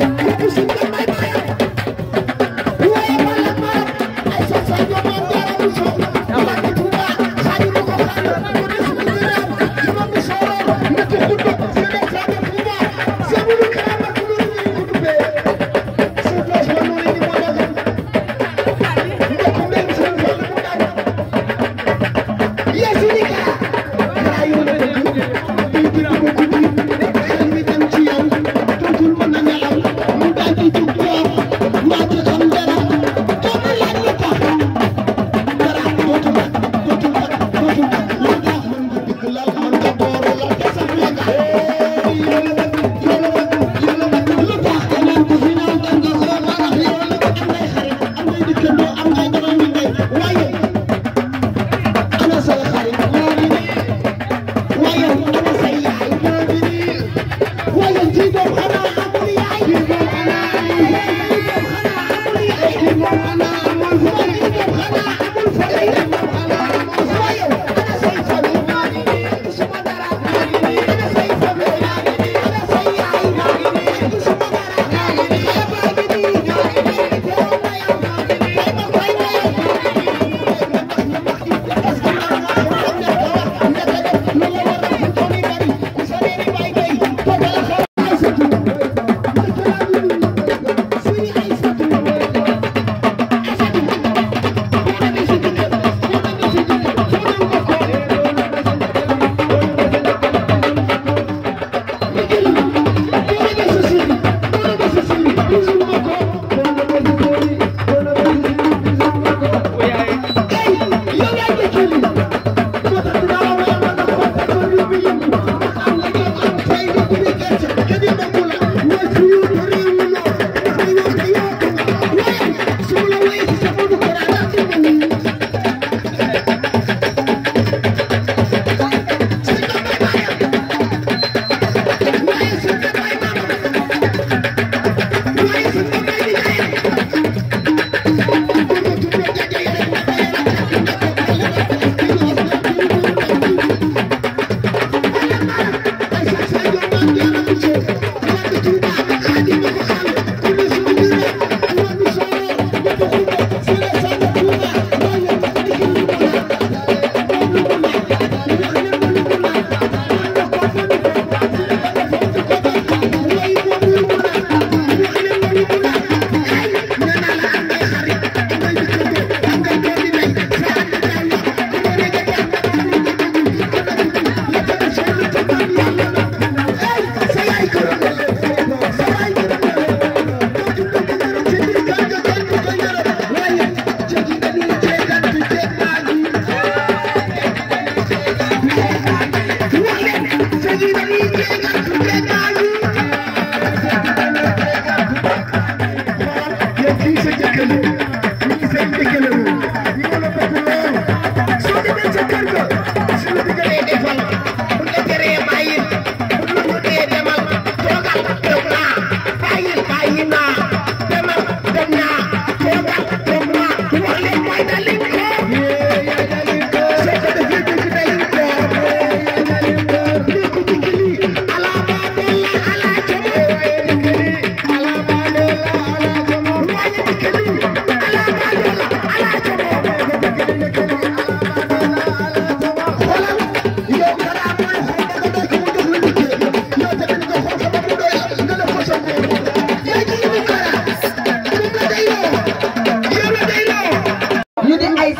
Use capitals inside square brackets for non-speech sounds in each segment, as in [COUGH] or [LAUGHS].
Who's in my mind?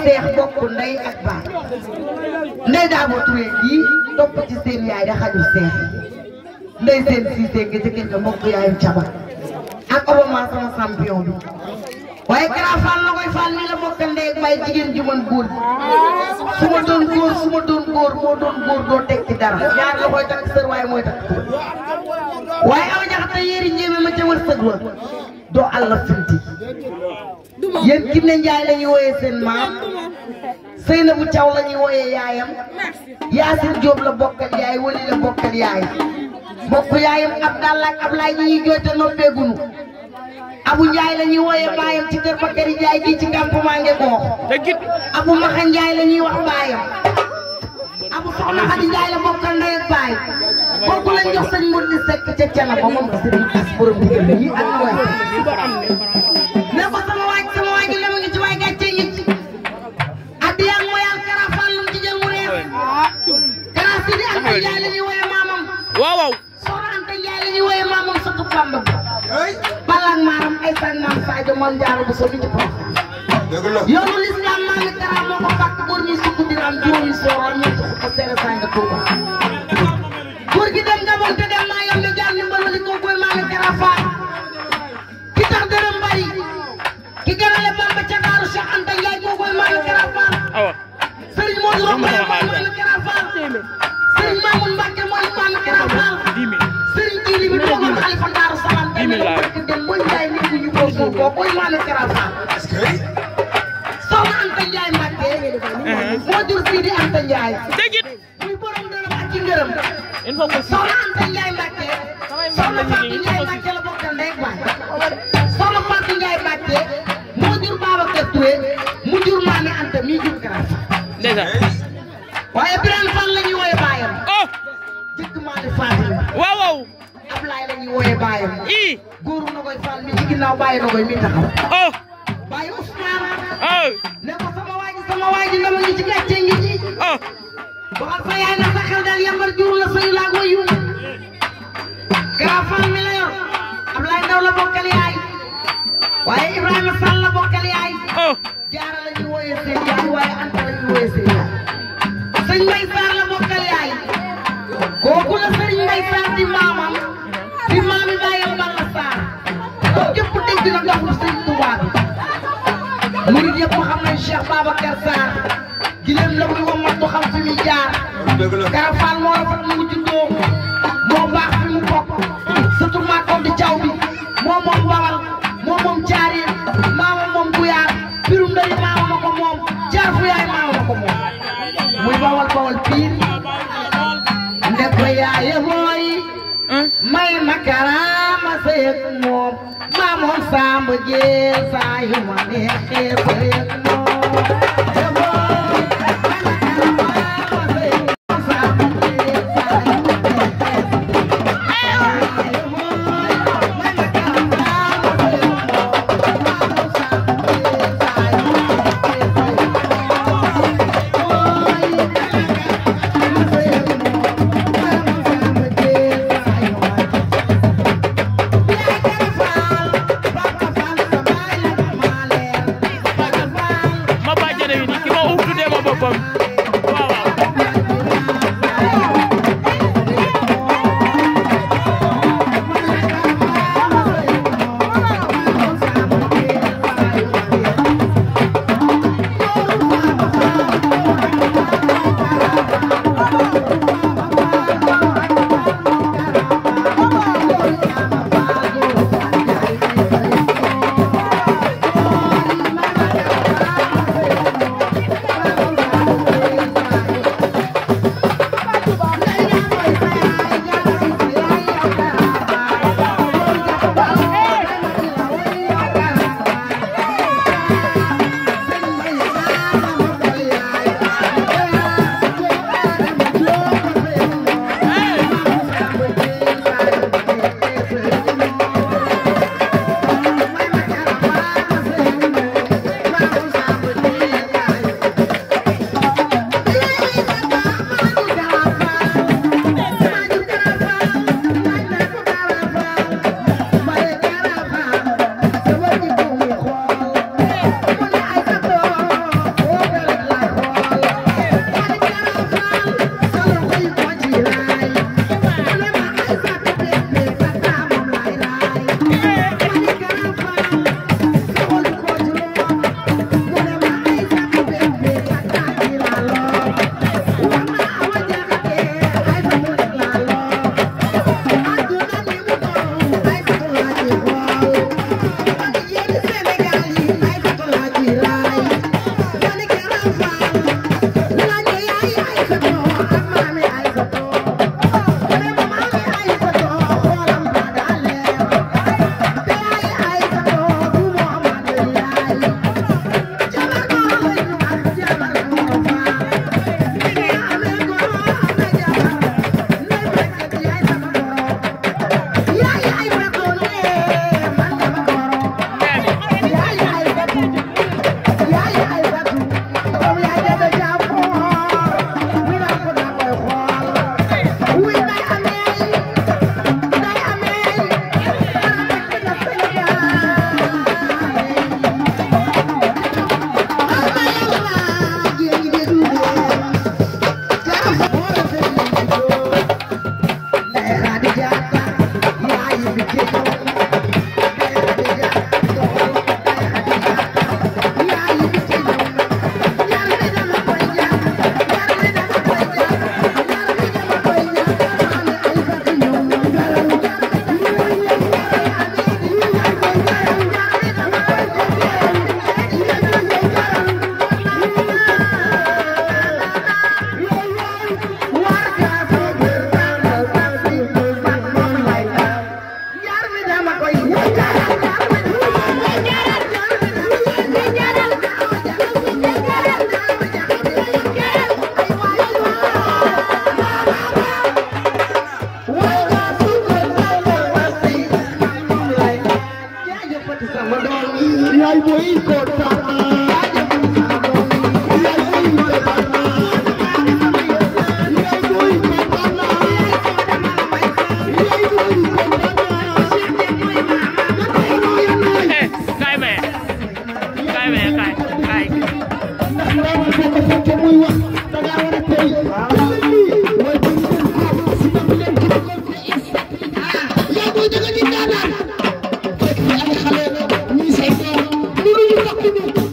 seex bokk ndey ak baay ndey daa boo turee kii topp ci seen yaay da xajul seex ndey seen siisee nga jëkkër nga mbokk yaayu cabar ak obama sama champion bi waaye Kara Fall la koy Fall nii la bokkal ndey bay jigéen ju mën góor su ma doon góor su ma doon góor moo doon góor doo teg ci dara ñaar la koy takk sër waaye mooy takk sër waaye aw ñaxta yéeri njéeme ma ca wërsëg wa doo àll finti yéen kim ne Njaay la ñuy seen maam Seynabou Thiaw la ñuy wooyee yaayam Yaasin Jóob la bokkal yaay wali la bokkal yaayam mbokk yaayam Abdalla ak Ablaay ñi ñuy jooyte noppeegunu Abu Njaay la ñuy wooyee baayam ci kër Bakary Njaay gi ci campement Ngegoox. dëgg it Abu Maxa Njaay la ñuy wax baayam. Abu Soxna Xadi Njaay la bokkal ndey ak baay kooku lañ jox sëñ Mouride Seck ca Thiénaba moom Serigne Bass borom digal yi ak téeméer. Anta Ndiaye Mbacke. Uh-huh. moo jur fii Anta Ndiaye. dégg moo jur Babacar Touré mu jur Maane Anta mii jur Karafa. dëgg waaw waaw. Ablaye la ñuy wooyee baayam. ii. góoru Nogoy Fall mi ci ginnaaw Baye Nogoy mi taxaw. oh. Baye Ousmane. oh. ne ko sama waa ji sama waa ji ndam ngi ci gàcce ngi ci. oh. waxal sa yaay na sa xel daal yambar jur la sëyu laag wayu. grand fan mi la yor. Ablaye Ndaw la bokkal yaay. waaye Ibrahima Sall la bokkal yaay. oh. jaara la ñuy wooyee seen yaay waaye Anta la ñuy wooyee seen yaay. sëñ Mbaye Sarr la bokkal yaay. kooku la ay fan di maamam di maami baayam Balla Sarr ba jëpp dégg na doxul sëñ Touba bi murid yëpp xam nañ Cheikh Babacar Sarr gileem la muy wamatu xam fi muy jaar Kara Fall moo rafet mu juddoo I'm on some years I want it, Thank [LAUGHS] you.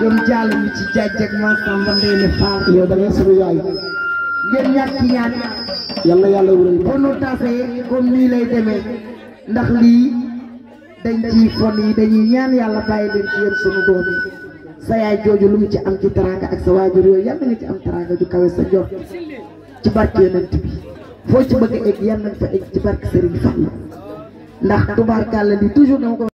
ñoom jàll mi ci jaaj ak ma samba ndey ne faal yow da ngay sama yaay ngeen ñàkk ñaan yàlla yàlla wéral boo nu tasee comme nii lay demee ndax lii dañ ci fon yi dañuy ñaan yàlla bàyyi leen ci yéen sunu doom yi sa yaay jooju lu mu ci am ci teraanga ak sa waajur yooyu yàlla nga ci am teraanga ju kawe sa jot ci barke yonent bi foo ci bëgg a egg yàlla nga fa egg ci barke Serigne Fallou ndax tubaarkàlla li toujours dama ko